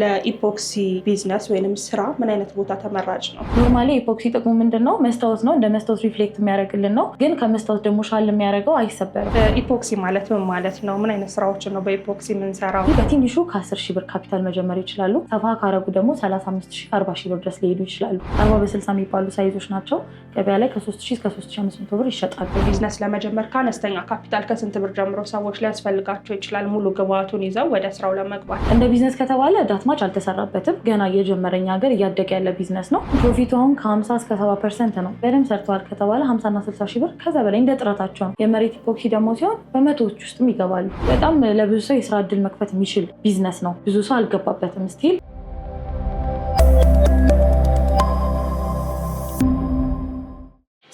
ለኢፖክሲ ቢዝነስ ወይም ስራ ምን አይነት ቦታ ተመራጭ ነው? ኖርማሊ ኢፖክሲ ጥቅሙ ምንድን ነው? መስታወት ነው። እንደ መስታወት ሪፍሌክት የሚያደርግልን ነው። ግን ከመስታወት ደግሞ ሻል የሚያደርገው አይሰበርም። ኢፖክሲ ማለት ምን ማለት ነው? ምን አይነት ስራዎችን ነው በኢፖክሲ የምንሰራው? በትንሹ ከ10 ሺህ ብር ካፒታል መጀመር ይችላሉ። ሰፋ ካረጉ ደግሞ 35 ሺ 40 ብር ድረስ ሊሄዱ ይችላሉ። 40 በ60 የሚባሉ ሳይዞች ናቸው። ገበያ ላይ ከ3 ሺህ እስከ 3500 ብር ይሸጣሉ። ቢዝነስ ለመጀመር ከአነስተኛ ካፒታል ከስንት ብር ጀምሮ ሰዎች ሊያስፈልጋቸው ይችላል? ሙሉ ግብአቱን ይዘው ወደ ስራው ለመግባት እንደ ቢዝነስ ከተባለ የጥራት አልተሰራበትም። ገና እየጀመረኝ ሀገር እያደገ ያለ ቢዝነስ ነው። ፕሮፊቱ አሁን ከ50 እስከ 70 ፐርሰንት ነው። በደንብ ሰርተዋል ከተባለ 50ና 60 ሺህ ብር ከዛ በላይ እንደ ጥረታቸው ነው። የመሬት ኢፖክሲ ደግሞ ሲሆን በመቶዎች ውስጥም ይገባሉ። በጣም ለብዙ ሰው የስራ እድል መክፈት የሚችል ቢዝነስ ነው። ብዙ ሰው አልገባበትም ስቲል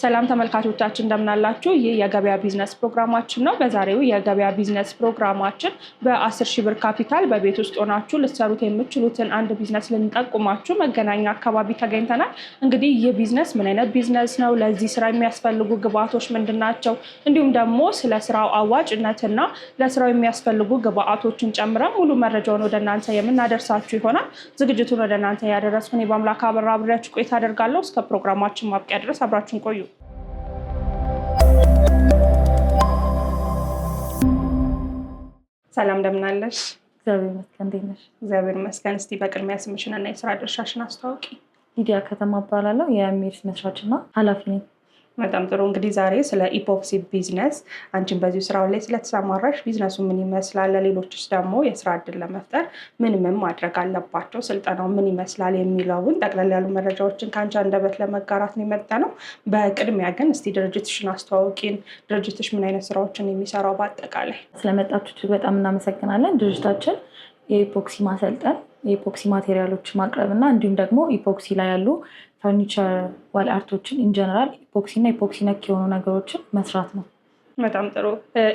ሰላም ተመልካቾቻችን እንደምናላችሁ። ይህ የገበያ ቢዝነስ ፕሮግራማችን ነው። በዛሬው የገበያ ቢዝነስ ፕሮግራማችን በአስር ሺህ ብር ካፒታል በቤት ውስጥ ሆናችሁ ልትሰሩት የምችሉትን አንድ ቢዝነስ ልንጠቁማችሁ መገናኛ አካባቢ ተገኝተናል። እንግዲህ ይህ ቢዝነስ ምን አይነት ቢዝነስ ነው? ለዚህ ስራ የሚያስፈልጉ ግብአቶች ምንድን ናቸው? እንዲሁም ደግሞ ስለ ስራው አዋጭነትና ለስራው የሚያስፈልጉ ግብአቶችን ጨምረን ሙሉ መረጃውን ወደ እናንተ የምናደርሳችሁ ይሆናል። ዝግጅቱን ወደ እናንተ ያደረስኩን በአምላክ አበራ አብሬያችሁ ቆይታ አደርጋለሁ። እስከ ፕሮግራማችን ማብቂያ ድረስ አብራችሁን ቆዩ። ሰላም እንደምን አለሽ? እግዚአብሔር ይመስገን። እንዴት ነሽ? እግዚአብሔር ይመስገን። እስቲ በቅድሚያ ስምሽን እና የስራ ድርሻሽን አስተዋውቂ። ሊዲያ ከተማ እባላለሁ። የሜድስ መስራችና ኃላፊ ነኝ። በጣም ጥሩ እንግዲህ ዛሬ ስለ ኢፖክሲ ቢዝነስ አንቺን በዚሁ ስራው ላይ ስለተሰማራሽ ቢዝነሱ ምን ይመስላል፣ ለሌሎችስ ደግሞ የስራ እድል ለመፍጠር ምን ምን ማድረግ አለባቸው፣ ስልጠናው ምን ይመስላል የሚለውን ጠቅላላ ያሉ መረጃዎችን ከአንቺ አንደበት ለመጋራት ነው የመጣ ነው። በቅድሚያ ግን እስቲ ድርጅትሽን አስተዋውቂን። ድርጅትሽ ምን አይነት ስራዎችን የሚሰራው? በአጠቃላይ ስለመጣችሁ በጣም እናመሰግናለን። ድርጅታችን የኢፖክሲ ማሰልጠን የኢፖክሲ ማቴሪያሎች ማቅረብ እና እንዲሁም ደግሞ ኢፖክሲ ላይ ያሉ ፈርኒቸር ዋል አርቶችን ኢንጀነራል ኢፖክሲ እና ኢፖክሲ ነክ የሆኑ ነገሮችን መስራት ነው። በጣም ጥሩ።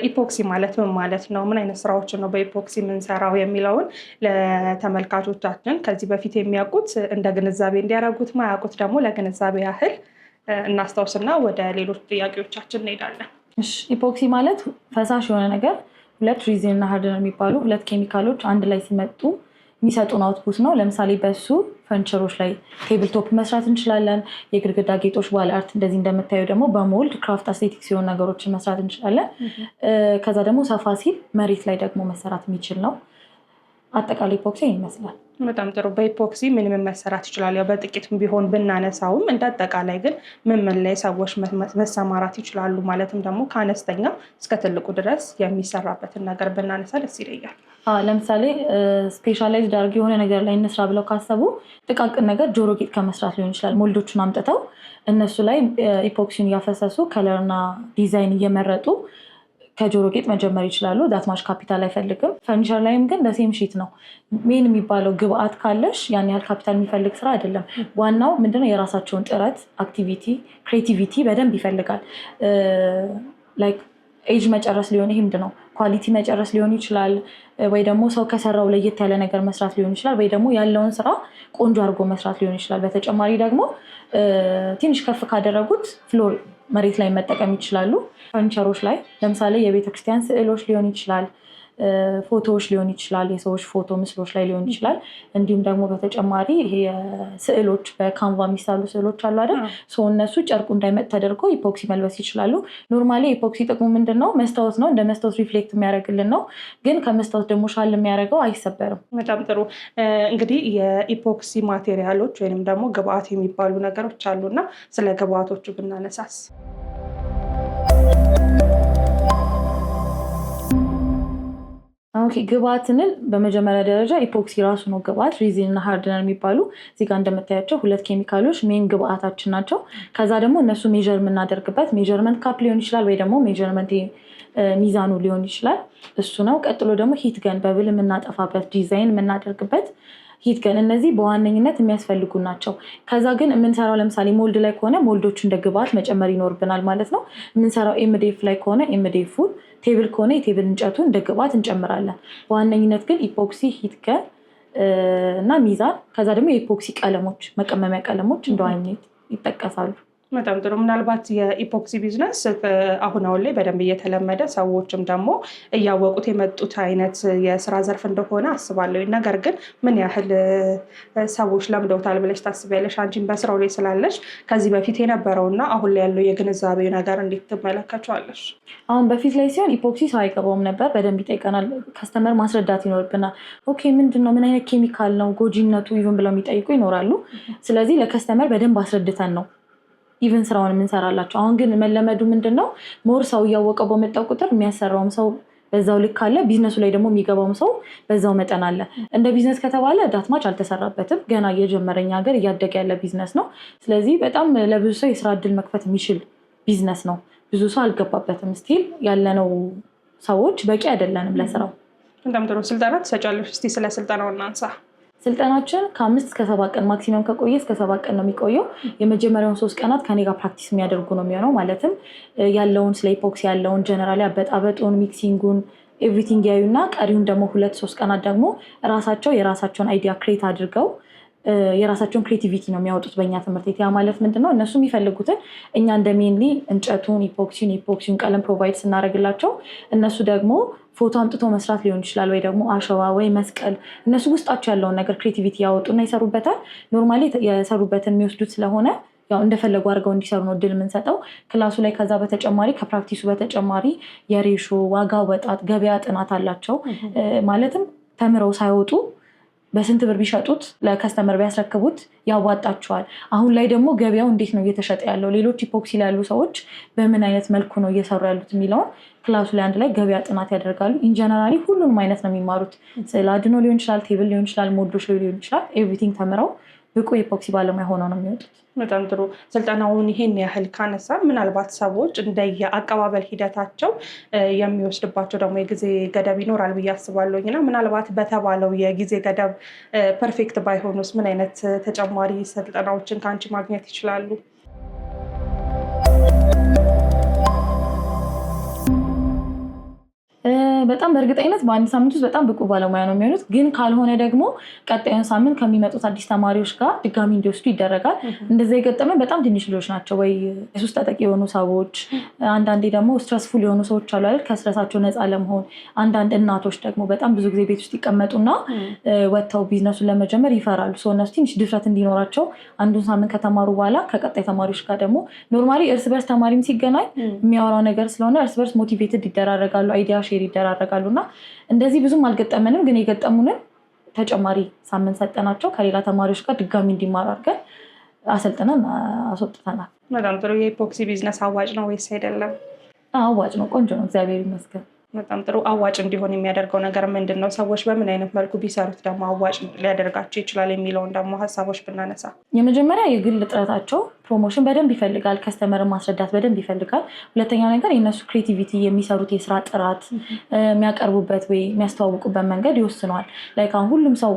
ኢፖክሲ ማለት ምን ማለት ነው? ምን አይነት ስራዎችን ነው በኢፖክሲ የምንሰራው የሚለውን ለተመልካቾቻችን ከዚህ በፊት የሚያውቁት እንደ ግንዛቤ እንዲያደርጉት፣ ማያውቁት ደግሞ ለግንዛቤ ያህል እናስታውስና ወደ ሌሎች ጥያቄዎቻችን እንሄዳለን። ኢፖክሲ ማለት ፈሳሽ የሆነ ነገር ሁለት ሪዚን እና ሀርድነር የሚባሉ ሁለት ኬሚካሎች አንድ ላይ ሲመጡ የሚሰጡን አውትፑት ነው። ለምሳሌ በሱ ፈንቸሮች ላይ ቴብልቶፕ መስራት እንችላለን። የግድግዳ ጌጦች፣ ዋል አርት እንደዚህ እንደምታየው ደግሞ በሞልድ ክራፍት አስቴቲክ ሲሆን ነገሮችን መስራት እንችላለን። ከዛ ደግሞ ሰፋ ሲል መሬት ላይ ደግሞ መሰራት የሚችል ነው። አጠቃላይ ኢፖክሲ ይመስላል። በጣም ጥሩ። በኢፖክሲ ምንም መሰራት ይችላል። ያው በጥቂትም ቢሆን ብናነሳውም እንደ አጠቃላይ ግን ምምን ላይ ሰዎች መሰማራት ይችላሉ? ማለትም ደግሞ ከአነስተኛ እስከ ትልቁ ድረስ የሚሰራበትን ነገር ብናነሳ ደስ ይለኛል። ለምሳሌ ስፔሻላይዝድ አድርጊ የሆነ ነገር ላይ እንስራ ብለው ካሰቡ ጥቃቅን ነገር ጆሮ ጌጥ ከመስራት ሊሆን ይችላል። ሞልዶቹን አምጥተው እነሱ ላይ ኢፖክሲን እያፈሰሱ ከለርና ዲዛይን እየመረጡ ከጆሮ ጌጥ መጀመር ይችላሉ። ዳትማሽ ካፒታል አይፈልግም። ፈርኒቸር ላይም ግን ለሴም ሺት ነው ሜን የሚባለው ግብአት ካለሽ ያን ያህል ካፒታል የሚፈልግ ስራ አይደለም። ዋናው ምንድነው የራሳቸውን ጥረት፣ አክቲቪቲ፣ ክሬቲቪቲ በደንብ ይፈልጋል። ላይክ ኤጅ መጨረስ ሊሆን ይህ ምንድነው ኳሊቲ መጨረስ ሊሆን ይችላል፣ ወይ ደግሞ ሰው ከሰራው ለየት ያለ ነገር መስራት ሊሆን ይችላል፣ ወይ ደግሞ ያለውን ስራ ቆንጆ አድርጎ መስራት ሊሆን ይችላል። በተጨማሪ ደግሞ ትንሽ ከፍ ካደረጉት ፍሎር መሬት ላይ መጠቀም ይችላሉ። ፈርኒቸሮች ላይ ለምሳሌ የቤተክርስቲያን ስዕሎች ሊሆን ይችላል ፎቶዎች ሊሆን ይችላል፣ የሰዎች ፎቶ ምስሎች ላይ ሊሆን ይችላል። እንዲሁም ደግሞ በተጨማሪ ይሄ ስዕሎች በካንቫ የሚሳሉ ስዕሎች አሉ አይደል? እነሱ ጨርቁ እንዳይመጥ ተደርጎ ኢፖክሲ መልበስ ይችላሉ። ኖርማሊ ኢፖክሲ ጥቅሙ ምንድን ነው? መስታወት ነው። እንደ መስታወት ሪፍሌክት የሚያደርግልን ነው። ግን ከመስታወት ደግሞ ሻል የሚያደርገው አይሰበርም። በጣም ጥሩ። እንግዲህ የኢፖክሲ ማቴሪያሎች ወይንም ደግሞ ግብአት የሚባሉ ነገሮች እና ስለ ግብአቶቹ ብናነሳስ ግባትንን በመጀመሪያ ደረጃ ኢፖክሲ ራሱ ነው ግባት ሪዚን እና ሃርድነር የሚባሉ እዚጋ እንደምታያቸው ሁለት ኬሚካሎች ሜን ግብአታችን ናቸው። ከዛ ደግሞ እነሱ ሜር የምናደርግበት ሜርመንት ካፕ ሊሆን ይችላል ወይ ደግሞ ሜርመንት ሚዛኑ ሊሆን ይችላል እሱ ነው። ቀጥሎ ደግሞ ሂት ገን በብል የምናጠፋበት ዲዛይን የምናደርግበት ሂት ገን እነዚህ በዋነኝነት የሚያስፈልጉ ናቸው። ከዛ ግን የምንሰራው ለምሳሌ ሞልድ ላይ ከሆነ ሞልዶቹ እንደ ግብአት መጨመር ይኖርብናል ማለት ነው። የምንሰራው ኤምዴፍ ላይ ከሆነ ኤምዴፉን፣ ቴብል ከሆነ የቴብል እንጨቱን እንደ ግብአት እንጨምራለን። በዋነኝነት ግን ኢፖክሲ፣ ሂት ገን እና ሚዛን፣ ከዛ ደግሞ የኢፖክሲ ቀለሞች፣ መቀመሚያ ቀለሞች እንደ ይጠቀሳሉ። በጣም ጥሩ። ምናልባት የኢፖክሲ ቢዝነስ አሁን አሁን ላይ በደንብ እየተለመደ ሰዎችም ደግሞ እያወቁት የመጡት አይነት የስራ ዘርፍ እንደሆነ አስባለሁ። ነገር ግን ምን ያህል ሰዎች ለምደውታል ብለሽ ታስቢያለሽ? አንቺን በስራው ላይ ስላለሽ ከዚህ በፊት የነበረውና አሁን ላይ ያለው የግንዛቤ ነገር እንዴት ትመለከቸዋለሽ? አሁን በፊት ላይ ሲሆን ኢፖክሲ ሰው አይቀባውም ነበር። በደንብ ይጠይቀናል። ከስተመር ማስረዳት ይኖርብናል። ኦኬ ምንድን ነው ምን አይነት ኬሚካል ነው ጎጂነቱ ይሁን ብለው የሚጠይቁ ይኖራሉ። ስለዚህ ለከስተመር በደንብ አስረድተን ነው ኢቨን ስራውን የምንሰራላቸው። አሁን ግን መለመዱ ምንድን ነው ሞር ሰው እያወቀው በመጣው ቁጥር የሚያሰራውም ሰው በዛው ልክ አለ። ቢዝነሱ ላይ ደግሞ የሚገባውም ሰው በዛው መጠን አለ። እንደ ቢዝነስ ከተባለ ዳትማች አልተሰራበትም። ገና እየጀመረኝ ሀገር እያደገ ያለ ቢዝነስ ነው። ስለዚህ በጣም ለብዙ ሰው የስራ እድል መክፈት የሚችል ቢዝነስ ነው። ብዙ ሰው አልገባበትም። ስቲል ያለነው ሰዎች በቂ አይደለንም ለስራው። በጣም ጥሩ ስልጠና ትሰጫለሽ። እስቲ ስለ ስልጠናው እናንሳ። ስልጠናችን ከአምስት እስከ ሰባት ቀን ማክሲመም ከቆየ እስከ ሰባት ቀን ነው የሚቆየው። የመጀመሪያውን ሶስት ቀናት ከኔ ጋር ፕራክቲስ የሚያደርጉ ነው የሚሆነው። ማለትም ያለውን ስለ ኢፖክሲ ያለውን ጀነራሊ አበጣበጡን፣ ሚክሲንጉን ኤቭሪቲንግ ያዩና ቀሪውን ደግሞ ሁለት ሶስት ቀናት ደግሞ ራሳቸው የራሳቸውን አይዲያ ክሬት አድርገው የራሳቸውን ክሬቲቪቲ ነው የሚያወጡት በእኛ ትምህርት ቤት። ያ ማለት ምንድን ነው? እነሱ የሚፈልጉትን እኛ እንደ ሜንሊ እንጨቱን፣ ኢፖክሲን ኢፖክሲን ቀለም ፕሮቫይድ ስናደርግላቸው እነሱ ደግሞ ፎቶ አምጥቶ መስራት ሊሆን ይችላል፣ ወይ ደግሞ አሸዋ ወይ መስቀል። እነሱ ውስጣቸው ያለውን ነገር ክሬቲቪቲ ያወጡና ይሰሩበታል። ኖርማሊ የሰሩበትን የሚወስዱት ስለሆነ ያው እንደፈለጉ አድርገው እንዲሰሩ ነው እድል የምንሰጠው ክላሱ ላይ። ከዛ በተጨማሪ ከፕራክቲሱ በተጨማሪ የሬሾ ዋጋ፣ ወጣት ገበያ ጥናት አላቸው ማለትም ተምረው ሳይወጡ በስንት ብር ቢሸጡት ለከስተመር ቢያስረክቡት ያዋጣቸዋል። አሁን ላይ ደግሞ ገበያው እንዴት ነው እየተሸጠ ያለው፣ ሌሎች ኢፖክሲ ላይ ያሉ ሰዎች በምን አይነት መልኩ ነው እየሰሩ ያሉት የሚለውን ክላሱ ላይ አንድ ላይ ገበያ ጥናት ያደርጋሉ። ኢንጀነራሊ ሁሉንም አይነት ነው የሚማሩት። ስዕል አድኖ ሊሆን ይችላል፣ ቴብል ሊሆን ይችላል፣ ሞዶሽ ሊሆን ይችላል። ኤቭሪቲንግ ተምረው ብቁ የኢፖክሲ ባለሙያ ሆነው ነው የሚወጡት። በጣም ጥሩ ስልጠናውን ይሄን ያህል ካነሳ ምናልባት ሰዎች እንደየ አቀባበል ሂደታቸው የሚወስድባቸው ደግሞ የጊዜ ገደብ ይኖራል ብዬ አስባለሁኝ እና ምናልባት በተባለው የጊዜ ገደብ ፐርፌክት ባይሆኑስ ምን አይነት ተጨማሪ ስልጠናዎችን ከአንቺ ማግኘት ይችላሉ? በጣም በእርግጠኝነት በአንድ ሳምንት ውስጥ በጣም ብቁ ባለሙያ ነው የሚሆኑት። ግን ካልሆነ ደግሞ ቀጣዩን ሳምንት ከሚመጡት አዲስ ተማሪዎች ጋር ድጋሚ እንዲወስዱ ይደረጋል። እንደዚ የገጠመን በጣም ትንሽ ልጆች ናቸው ወይ የሱስ ተጠቂ የሆኑ ሰዎች፣ አንዳንዴ ደግሞ ስትረስፉል የሆኑ ሰዎች አሉ አይደል፣ ከስረሳቸው ነፃ ለመሆን አንዳንድ እናቶች ደግሞ በጣም ብዙ ጊዜ ቤት ውስጥ ይቀመጡና ወጥተው ቢዝነሱን ለመጀመር ይፈራሉ። ሰው እነሱ ትንሽ ድፍረት እንዲኖራቸው አንዱን ሳምንት ከተማሩ በኋላ ከቀጣይ ተማሪዎች ጋር ደግሞ ኖርማሊ እርስ በርስ ተማሪም ሲገናኝ የሚያወራው ነገር ስለሆነ እርስ በርስ ሞቲቬትድ ይደራረጋሉ። አይዲያ ሼር ይደራረጋሉ ይዳረጋሉ እና እንደዚህ ብዙም አልገጠመንም፣ ግን የገጠሙንን ተጨማሪ ሳምንት ሰጠናቸው ከሌላ ተማሪዎች ጋር ድጋሚ እንዲማሩ አድርገን አሰልጥነን አስወጥተናል። በጣም ጥሩ። የኢፖክሲ ቢዝነስ አዋጭ ነው ወይስ አይደለም? አዋጭ ነው። ቆንጆ ነው። እግዚአብሔር ይመስገን። በጣም ጥሩ አዋጭ እንዲሆን የሚያደርገው ነገር ምንድን ነው? ሰዎች በምን አይነት መልኩ ቢሰሩት ደግሞ አዋጭ ሊያደርጋቸው ይችላል የሚለውን ደግሞ ሀሳቦች ብናነሳ የመጀመሪያ የግል ጥረታቸው ፕሮሞሽን በደንብ ይፈልጋል። ከስተመር ማስረዳት በደንብ ይፈልጋል። ሁለተኛ ነገር የእነሱ ክሬቲቪቲ፣ የሚሰሩት የስራ ጥራት፣ የሚያቀርቡበት ወይ የሚያስተዋውቁበት መንገድ ይወስነዋል። ላይክ አሁን ሁሉም ሰው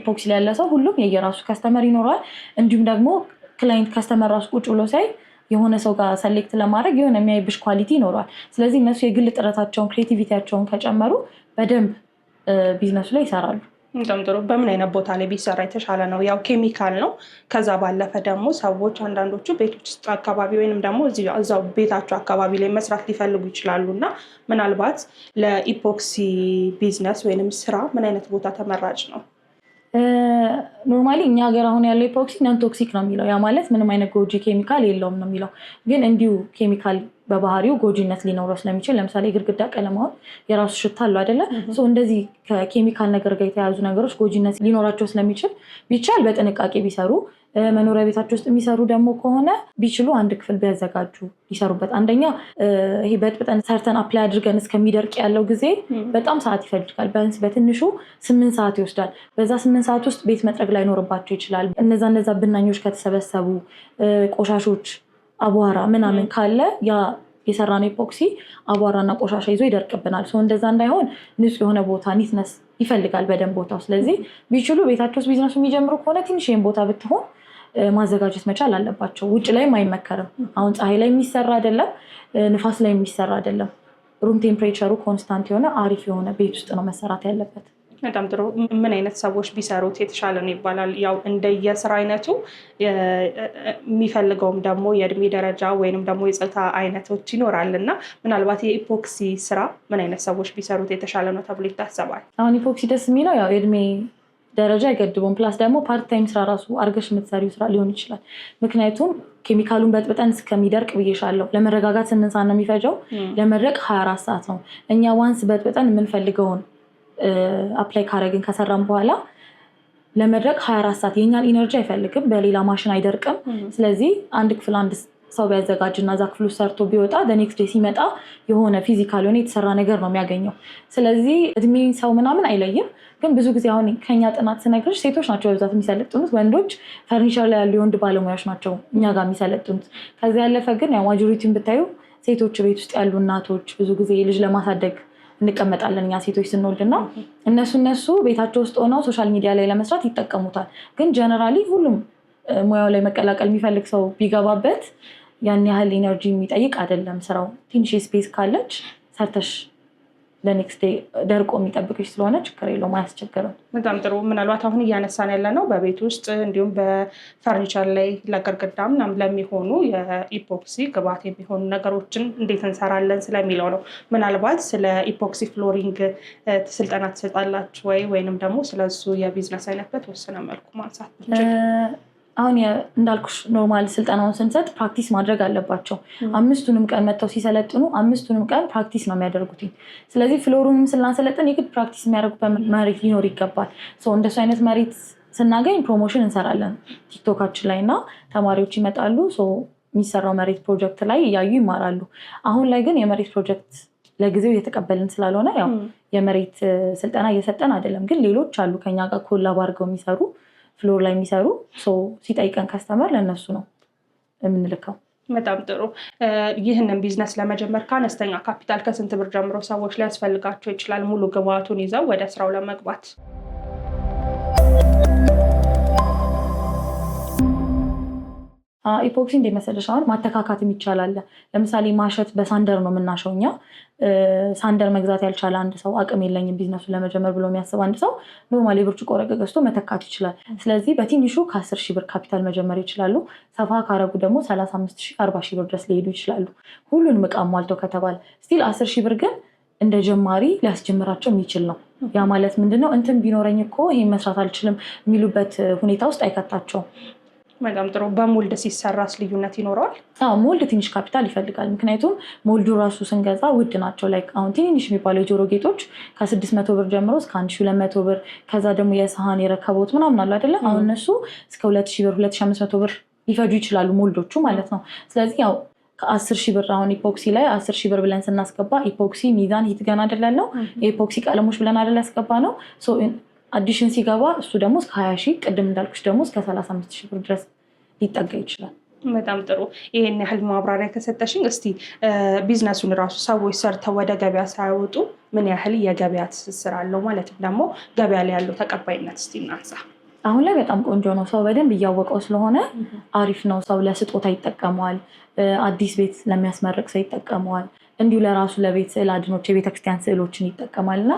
ኢፖክሲ ላይ ያለ ሰው ሁሉም የየራሱ ከስተመር ይኖረዋል። እንዲሁም ደግሞ ክላይንት ከስተመር ራሱ ቁጭ ብሎ ሳይ የሆነ ሰው ጋር ሰሌክት ለማድረግ የሆነ የሚያይብሽ ኳሊቲ ይኖረዋል። ስለዚህ እነሱ የግል ጥረታቸውን ክሬቲቪቲያቸውን ከጨመሩ በደንብ ቢዝነሱ ላይ ይሰራሉ። በጣም ጥሩ። በምን አይነት ቦታ ላይ ቢሰራ የተሻለ ነው? ያው ኬሚካል ነው። ከዛ ባለፈ ደግሞ ሰዎች አንዳንዶቹ ቤቶች ውስጥ አካባቢ ወይንም ደግሞ እዛው ቤታቸው አካባቢ ላይ መስራት ሊፈልጉ ይችላሉ እና ምናልባት ለኢፖክሲ ቢዝነስ ወይንም ስራ ምን አይነት ቦታ ተመራጭ ነው? ኖርማሊ እኛ ሀገር አሁን ያለው ኢፖክሲ ነን ቶክሲክ ነው የሚለው ያ ማለት ምንም አይነት ጎጂ ኬሚካል የለውም ነው የሚለው። ግን እንዲሁ ኬሚካል በባህሪው ጎጂነት ሊኖረው ስለሚችል ለምሳሌ ግድግዳ ቀለም አሁን የራሱ ሽታ አለው አይደለ? እንደዚህ ከኬሚካል ነገር ጋር የተያያዙ ነገሮች ጎጂነት ሊኖራቸው ስለሚችል ቢቻል በጥንቃቄ ቢሰሩ መኖሪያ ቤታቸው ውስጥ የሚሰሩ ደግሞ ከሆነ ቢችሉ አንድ ክፍል ቢያዘጋጁ ይሰሩበት። አንደኛ ይሄ በጥብጠን ሰርተን አፕላይ አድርገን እስከሚደርቅ ያለው ጊዜ በጣም ሰዓት ይፈልጋል። ቢያንስ በትንሹ ስምንት ሰዓት ይወስዳል። በዛ ስምንት ሰዓት ውስጥ ቤት መጥረግ ላይኖርባቸው ይችላል። እነዛ እነዛ ብናኞች ከተሰበሰቡ ቆሻሾች፣ አቧራ ምናምን ካለ ያ የሰራነው ኢፖክሲ አቧራና ቆሻሻ ይዞ ይደርቅብናል። እንደዛ እንዳይሆን ንጹህ የሆነ ቦታ ኒትነስ ይፈልጋል በደንብ ቦታው። ስለዚህ ቢችሉ ቤታቸው ውስጥ ቢዝነሱ የሚጀምሩ ከሆነ ትንሽ ይህን ቦታ ብትሆን ማዘጋጀት መቻል አለባቸው። ውጭ ላይም አይመከርም። አሁን ፀሐይ ላይ የሚሰራ አይደለም፣ ንፋስ ላይ የሚሰራ አይደለም። ሩም ቴምፕሬቸሩ ኮንስታንት የሆነ አሪፍ የሆነ ቤት ውስጥ ነው መሰራት ያለበት። በጣም ጥሩ። ምን አይነት ሰዎች ቢሰሩት የተሻለ ነው ይባላል? ያው እንደየስራ አይነቱ የሚፈልገውም ደግሞ የእድሜ ደረጃ ወይንም ደግሞ የፀጥታ አይነቶች ይኖራል እና ምናልባት የኢፖክሲ ስራ ምን አይነት ሰዎች ቢሰሩት የተሻለ ነው ተብሎ ይታሰባል? አሁን ኢፖክሲ ደስ የሚለው ያው የእድሜ ደረጃ አይገድቡም። ፕላስ ደግሞ ፓርትታይም ስራ ራሱ አርገሽ የምትሰሪው ስራ ሊሆን ይችላል። ምክንያቱም ኬሚካሉን በጥብጠን እስከሚደርቅ ብዬሻለሁ። ለመረጋጋት ስምንት ሰዓት ነው የሚፈጀው፣ ለመድረቅ ሀያ አራት ሰዓት ነው። እኛ ዋንስ በጥብጠን የምንፈልገውን አፕላይ ካረግን ከሰራን በኋላ ለመድረቅ ሀያ አራት ሰዓት የኛን ኢነርጂ አይፈልግም፣ በሌላ ማሽን አይደርቅም። ስለዚህ አንድ ክፍል አንድ ሰው ቢያዘጋጅ እና እዛ ክፍል ውስጥ ሰርቶ ቢወጣ ኔክስት ዴይ ሲመጣ የሆነ ፊዚካል የሆነ የተሰራ ነገር ነው የሚያገኘው። ስለዚህ እድሜ ሰው ምናምን አይለይም። ግን ብዙ ጊዜ አሁን ከኛ ጥናት ስነግርሽ ሴቶች ናቸው በብዛት የሚሰለጥኑት፣ ወንዶች ፈርኒቸር ላይ ያሉ የወንድ ባለሙያዎች ናቸው እኛ ጋር የሚሰለጥኑት። ከዚያ ያለፈ ግን ያው ማጆሪቲን ብታዩ ሴቶች ቤት ውስጥ ያሉ እናቶች ብዙ ጊዜ ልጅ ለማሳደግ እንቀመጣለን እኛ ሴቶች ስንወልድ እና እነሱ እነሱ ቤታቸው ውስጥ ሆነው ሶሻል ሚዲያ ላይ ለመስራት ይጠቀሙታል። ግን ጀነራሊ ሁሉም ሙያው ላይ መቀላቀል የሚፈልግ ሰው ቢገባበት ያን ያህል ኢነርጂ የሚጠይቅ አይደለም ስራው። ትንሽ ስፔስ ካለች ሰርተሽ ለኔክስት ዴይ ደርቆ የሚጠብቅሽ ስለሆነ ችግር የለውም፣ አያስቸግርም። በጣም ጥሩ። ምናልባት አሁን እያነሳን ያለ ነው በቤት ውስጥ እንዲሁም በፈርኒቸር ላይ ለግርግዳ ምናምን ለሚሆኑ የኢፖክሲ ግብዓት የሚሆኑ ነገሮችን እንዴት እንሰራለን ስለሚለው ነው። ምናልባት ስለ ኢፖክሲ ፍሎሪንግ ስልጠና ትሰጣላችሁ ወይ? ወይንም ደግሞ ስለሱ የቢዝነስ አይነት በተወሰነ መልኩ ማንሳት አሁን እንዳልኩሽ ኖርማል ስልጠናውን ስንሰጥ ፕራክቲስ ማድረግ አለባቸው። አምስቱንም ቀን መጥተው ሲሰለጥኑ አምስቱንም ቀን ፕራክቲስ ነው የሚያደርጉት። ስለዚህ ፍሎሩንም ስናሰለጥን የግድ ፕራክቲስ የሚያደርጉበት መሬት ሊኖር ይገባል። እንደሱ አይነት መሬት ስናገኝ ፕሮሞሽን እንሰራለን ቲክቶካችን ላይ እና ተማሪዎች ይመጣሉ የሚሰራው መሬት ፕሮጀክት ላይ እያዩ ይማራሉ። አሁን ላይ ግን የመሬት ፕሮጀክት ለጊዜው እየተቀበልን ስላልሆነ ያው የመሬት ስልጠና እየሰጠን አይደለም። ግን ሌሎች አሉ ከኛ ጋር ኮላብ አድርገው የሚሰሩ ፍሎር ላይ የሚሰሩ ሰው ሲጠይቀን ከስተመር ለእነሱ ነው የምንልከው። በጣም ጥሩ። ይህንን ቢዝነስ ለመጀመር ከአነስተኛ ካፒታል ከስንት ብር ጀምሮ ሰዎች ሊያስፈልጋቸው ይችላል ሙሉ ግብአቱን ይዘው ወደ ስራው ለመግባት? ኢፖክሲ እንደ መሰለሽ አሁን ማተካካትም ይቻላል። ለምሳሌ ማሸት በሳንደር ነው የምናሸው እኛ። ሳንደር መግዛት ያልቻለ አንድ ሰው አቅም የለኝም ቢዝነሱን ለመጀመር ብሎ የሚያስብ አንድ ሰው ኖርማሊ ብርጭቆ ወረቀ ገዝቶ መተካት ይችላል። ስለዚህ በትንሹ ከአስር ሺህ ብር ካፒታል መጀመር ይችላሉ። ሰፋ ካረጉ ደግሞ ሰላሳ አምስት ሺህ አርባ ሺህ ብር ድረስ ሊሄዱ ይችላሉ። ሁሉንም እቃ ሟልተው ከተባለ ስቲል አስር ሺህ ብር ግን እንደ ጀማሪ ሊያስጀምራቸው የሚችል ነው። ያ ማለት ምንድነው እንትን ቢኖረኝ እኮ ይህን መስራት አልችልም የሚሉበት ሁኔታ ውስጥ አይከታቸውም። በጣም ጥሩ። በሞልድ ሲሰራስ ልዩነት ይኖረዋል? አዎ ሞልድ ትንሽ ካፒታል ይፈልጋል። ምክንያቱም ሞልዱ ራሱ ስንገዛ ውድ ናቸው። ላይ አሁን ትንንሽ የጆሮ ጌጦች ከስድስት መቶ ብር ጀምሮ እስከ አንድ ሺ ሁለት መቶ ብር ከዛ ደግሞ የሰሃን የረከቦት ምናምን አሉ አይደለ? አሁን እነሱ እስከ ሁለት ሺ ብር ሁለት ሺ አምስት መቶ ብር ሊፈጁ ይችላሉ ሞልዶቹ ማለት ነው። ስለዚህ ያው ከአስር ሺህ ብር አሁን ኢፖክሲ ላይ አስር ሺህ ብር ብለን ስናስገባ ኢፖክሲ ሚዛን ሂት ገና አይደለም ነው የኢፖክሲ ቀለሞች ብለን አይደል ያስገባ ነው አዲሽን ሲገባ እሱ ደግሞ እስከ ሀያ ሺህ ቅድም እንዳልኩሽ ደግሞ እስከ ሰላሳ አምስት ሺህ ብር ድረስ ሊጠጋ ይችላል። በጣም ጥሩ። ይህን ያህል ማብራሪያ ከሰጠሽኝ፣ እስቲ ቢዝነሱን ራሱ ሰዎች ሰርተው ወደ ገበያ ሳያወጡ ምን ያህል የገበያ ትስስር አለው ማለትም ደግሞ ገበያ ላይ ያለው ተቀባይነት እስቲ እናንሳ። አሁን ላይ በጣም ቆንጆ ነው። ሰው በደንብ እያወቀው ስለሆነ አሪፍ ነው። ሰው ለስጦታ ይጠቀመዋል። አዲስ ቤት ለሚያስመርቅ ሰው ይጠቀመዋል። እንዲሁ ለራሱ ለቤት ስዕል አድኖች የቤተክርስቲያን ስዕሎችን ይጠቀማል እና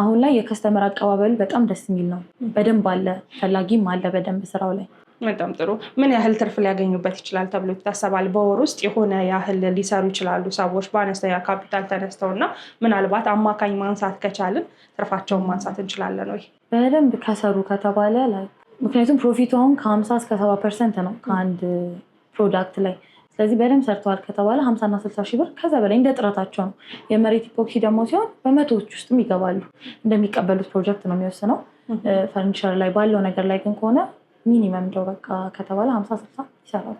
አሁን ላይ የከስተመር አቀባበል በጣም ደስ የሚል ነው። በደንብ አለ፣ ፈላጊም አለ በደንብ ስራው ላይ። በጣም ጥሩ። ምን ያህል ትርፍ ሊያገኙበት ይችላል ተብሎ ይታሰባል? በወር ውስጥ የሆነ ያህል ሊሰሩ ይችላሉ ሰዎች በአነስተኛ ካፒታል ተነስተው እና ምናልባት አማካኝ ማንሳት ከቻልን ትርፋቸውን ማንሳት እንችላለን ወይ? በደንብ ከሰሩ ከተባለ፣ ምክንያቱም ፕሮፊቱ አሁን ከሀምሳ እስከ ሰባ ፐርሰንት ነው ከአንድ ፕሮዳክት ላይ ስለዚህ በደንብ ሰርተዋል ከተባለ ሀምሳና ስልሳ ሺህ ብር ከዛ በላይ እንደ ጥረታቸው ነው። የመሬት ኢፖክሲ ደግሞ ሲሆን በመቶዎች ውስጥም ይገባሉ። እንደሚቀበሉት ፕሮጀክት ነው የሚወስነው። ፈርኒቸር ላይ ባለው ነገር ላይ ግን ከሆነ ሚኒመም ደው በቃ ከተባለ ሀምሳ ስልሳ ይሰራሉ።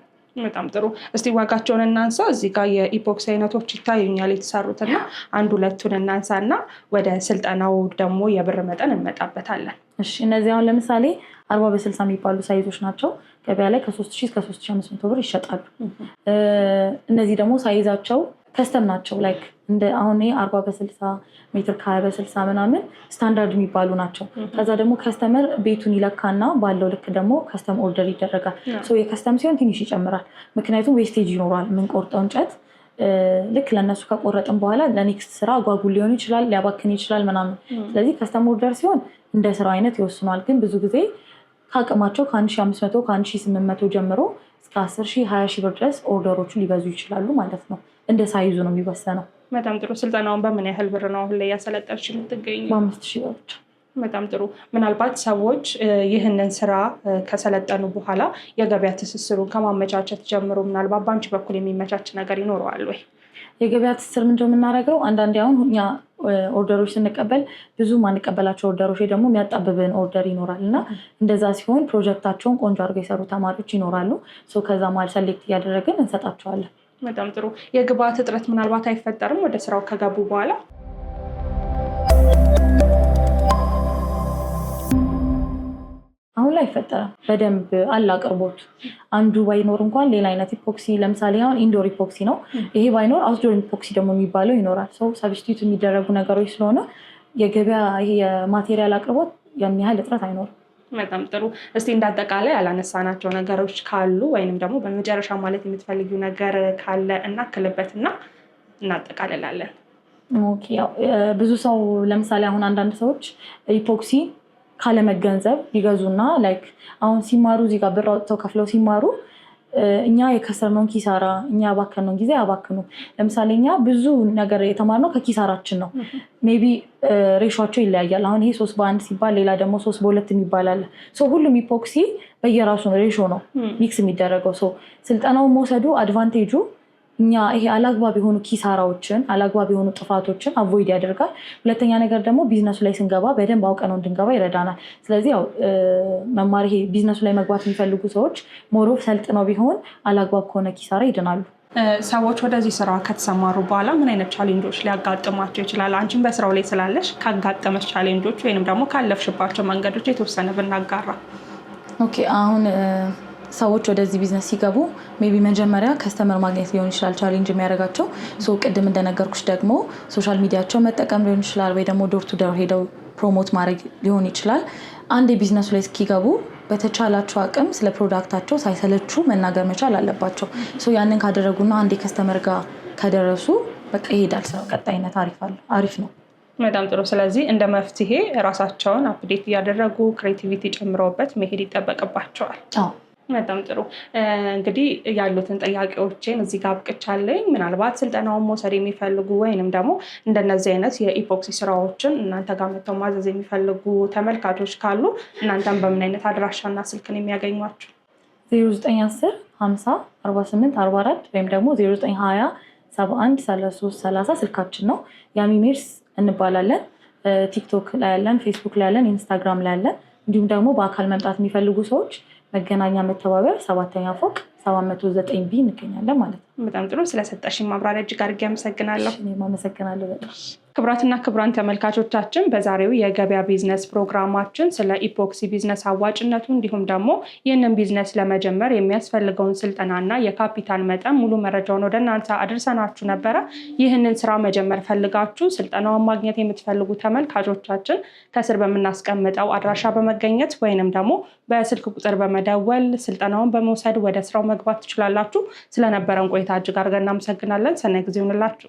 በጣም ጥሩ። እስቲ ዋጋቸውን እናንሳ። እዚህ ጋር የኢፖክሲ አይነቶች ይታዩኛል የተሰሩትና አንድ ሁለቱን እናንሳ እና ወደ ስልጠናው ደግሞ የብር መጠን እንመጣበታለን። እሺ እነዚህ አሁን ለምሳሌ አርባ በስልሳ የሚባሉ ሳይዞች ናቸው። ገበያ ላይ ከሶስት ሺህ እስከ ሶስት ሺህ አምስት መቶ ብር ይሸጣሉ። እነዚህ ደግሞ ሳይዛቸው ከስተም ናቸው። ላይክ እንደ አሁን አርባ በስልሳ ሜትር ከሀያ በስልሳ ምናምን ስታንዳርድ የሚባሉ ናቸው። ከዛ ደግሞ ከስተመር ቤቱን ይለካና ባለው ልክ ደግሞ ከስተም ኦርደር ይደረጋል። የከስተም ሲሆን ትንሽ ይጨምራል። ምክንያቱም ዌስቴጅ ይኖራል የምንቆርጠው እንጨት ልክ ለእነሱ ከቆረጥን በኋላ ለኔክስት ስራ አጓጉል ሊሆን ይችላል፣ ሊያባክን ይችላል ምናምን። mm. ስለዚህ ከስተም ኦርደር ሲሆን እንደ ስራው አይነት ይወስኗል። ግን ብዙ ጊዜ ከአቅማቸው ከአንድ ሺ አምስት መቶ ከአንድ ሺ ስምንት መቶ ጀምሮ እስከ አስር ሺ ሀያ ሺ ብር ድረስ ኦርደሮቹ ሊበዙ ይችላሉ ማለት ነው። እንደ ሳይዙ ነው የሚወሰነው። በጣም ጥሩ። ስልጠናውን በምን ያህል ብር ነው አሁን ላይ ያሰለጠርሽ የምትገኝ? በአምስት ሺህ ብር። በጣም ጥሩ። ምናልባት ሰዎች ይህንን ስራ ከሰለጠኑ በኋላ የገበያ ትስስሩን ከማመቻቸት ጀምሮ ምናልባት በአንቺ በኩል የሚመቻች ነገር ይኖረዋል ወይ? የገበያ ትስስር ምንድ የምናደርገው? አንዳንዴ አሁን እኛ ኦርደሮች ስንቀበል ብዙ ማንቀበላቸው ኦርደሮች ደግሞ የሚያጣብብን ኦርደር ይኖራል እና እንደዛ ሲሆን ፕሮጀክታቸውን ቆንጆ አድርገው የሰሩ ተማሪዎች ይኖራሉ። ከዛ መሀል ሰሌክት እያደረግን እንሰጣቸዋለን። በጣም ጥሩ። የግብአት እጥረት ምናልባት አይፈጠርም ወደ ስራው ከገቡ በኋላ? አሁን ላይ አይፈጠርም። በደንብ አለ አቅርቦት። አንዱ ባይኖር እንኳን ሌላ አይነት ኢፖክሲ፣ ለምሳሌ አሁን ኢንዶር ኢፖክሲ ነው። ይሄ ባይኖር አውትዶር ኢፖክሲ ደግሞ የሚባለው ይኖራል። ሰው ሰብስቲዩት የሚደረጉ ነገሮች ስለሆነ የገበያ ይሄ የማቴሪያል አቅርቦት ያን ያህል እጥረት አይኖርም። በጣም ጥሩ። እስቲ እንዳጠቃላይ ያላነሳናቸው ነገሮች ካሉ ወይንም ደግሞ በመጨረሻ ማለት የምትፈልጊው ነገር ካለ እናክልበት እና እናጠቃልላለን። ብዙ ሰው ለምሳሌ አሁን አንዳንድ ሰዎች ኢፖክሲ ካለመገንዘብ ይገዙና ላይክ አሁን ሲማሩ እዚህ ጋር ብር አውጥተው ከፍለው ሲማሩ እኛ የከሰርነውን ኪሳራ እኛ ያባከነውን ጊዜ አባክኑ ለምሳሌ እኛ ብዙ ነገር የተማርነው ከኪሳራችን ነው። ሜይ ቢ ሬሾቸው ይለያያል። አሁን ይሄ ሶስት በአንድ ሲባል ሌላ ደግሞ ሶስት በሁለት ይባላል። አለ። ሁሉም ኢፖክሲ በየራሱ ሬሾ ነው ሚክስ የሚደረገው። ስልጠናውን መውሰዱ አድቫንቴጁ እኛ ይሄ አላግባብ የሆኑ ኪሳራዎችን አላግባብ የሆኑ ጥፋቶችን አቮይድ ያደርጋል። ሁለተኛ ነገር ደግሞ ቢዝነሱ ላይ ስንገባ በደንብ አውቀነው እንድንገባ ይረዳናል። ስለዚህ ያው መማር ይሄ ቢዝነሱ ላይ መግባት የሚፈልጉ ሰዎች ሞሮ ሰልጥነው ቢሆን አላግባብ ከሆነ ኪሳራ ይድናሉ። ሰዎች ወደዚህ ስራ ከተሰማሩ በኋላ ምን አይነት ቻሌንጆች ሊያጋጥሟቸው ይችላል? አንቺም በስራው ላይ ስላለሽ ካጋጠመች ቻሌንጆች ወይንም ደግሞ ካለፍሽባቸው መንገዶች የተወሰነ ብናጋራ። ኦኬ አሁን ሰዎች ወደዚህ ቢዝነስ ሲገቡ ሜይ ቢ መጀመሪያ ከስተመር ማግኘት ሊሆን ይችላል ቻሌንጅ የሚያደርጋቸው። ቅድም እንደነገርኩች ደግሞ ሶሻል ሚዲያቸው መጠቀም ሊሆን ይችላል፣ ወይ ደግሞ ዶር ቱ ዶር ሄደው ፕሮሞት ማድረግ ሊሆን ይችላል። አንድ የቢዝነሱ ላይ እስኪገቡ በተቻላቸው አቅም ስለ ፕሮዳክታቸው ሳይሰለቹ መናገር መቻል አለባቸው። ያንን ካደረጉና አንድ የከስተመር ጋር ከደረሱ በቃ ይሄዳል ስራው፣ ቀጣይነት አሪፍ ነው። በጣም ጥሩ። ስለዚህ እንደ መፍትሄ ራሳቸውን አፕዴት እያደረጉ ክሬቲቪቲ ጨምረውበት መሄድ ይጠበቅባቸዋል። በጣም ጥሩ እንግዲህ ያሉትን ጥያቄዎችን እዚህ ጋር አብቅቻለኝ። ምናልባት ስልጠናውን መውሰድ የሚፈልጉ ወይንም ደግሞ እንደነዚህ አይነት የኢፖክሲ ስራዎችን እናንተ ጋር መጥተው ማዘዝ የሚፈልጉ ተመልካቾች ካሉ እናንተን በምን አይነት አድራሻና ስልክን የሚያገኟቸው? 0910 50 48 44 ወይም ደግሞ 0920 71 33 30 ስልካችን ነው። ያሚ ሜርስ እንባላለን። ቲክቶክ ላይ ያለን፣ ፌስቡክ ላይ ያለን፣ ኢንስታግራም ላይ ያለን እንዲሁም ደግሞ በአካል መምጣት የሚፈልጉ ሰዎች መገናኛ መተባበር ሰባተኛ ፎቅ 709 ቢ እንገኛለን ማለት ነው። በጣም ጥሩ። ስለሰጠሽኝ ማብራሪያ እጅግ አድርጌ አመሰግናለሁ። አመሰግናለሁ በጣም። ክቡራትና ክቡራን ተመልካቾቻችን በዛሬው የገበያ ቢዝነስ ፕሮግራማችን ስለ ኢፖክሲ ቢዝነስ አዋጭነቱ እንዲሁም ደግሞ ይህንን ቢዝነስ ለመጀመር የሚያስፈልገውን ስልጠናና የካፒታል መጠን ሙሉ መረጃውን ወደ እናንተ አድርሰናችሁ ነበረ። ይህንን ስራ መጀመር ፈልጋችሁ ስልጠናውን ማግኘት የምትፈልጉ ተመልካቾቻችን ከስር በምናስቀምጠው አድራሻ በመገኘት ወይንም ደግሞ በስልክ ቁጥር በመደወል ስልጠናውን በመውሰድ ወደ ስራው መግባት ትችላላችሁ። ስለነበረን ቆይታ ቆይታ እጅግ አድርገን እናመሰግናለን። ሰነ ጊዜ ይሆንላችሁ።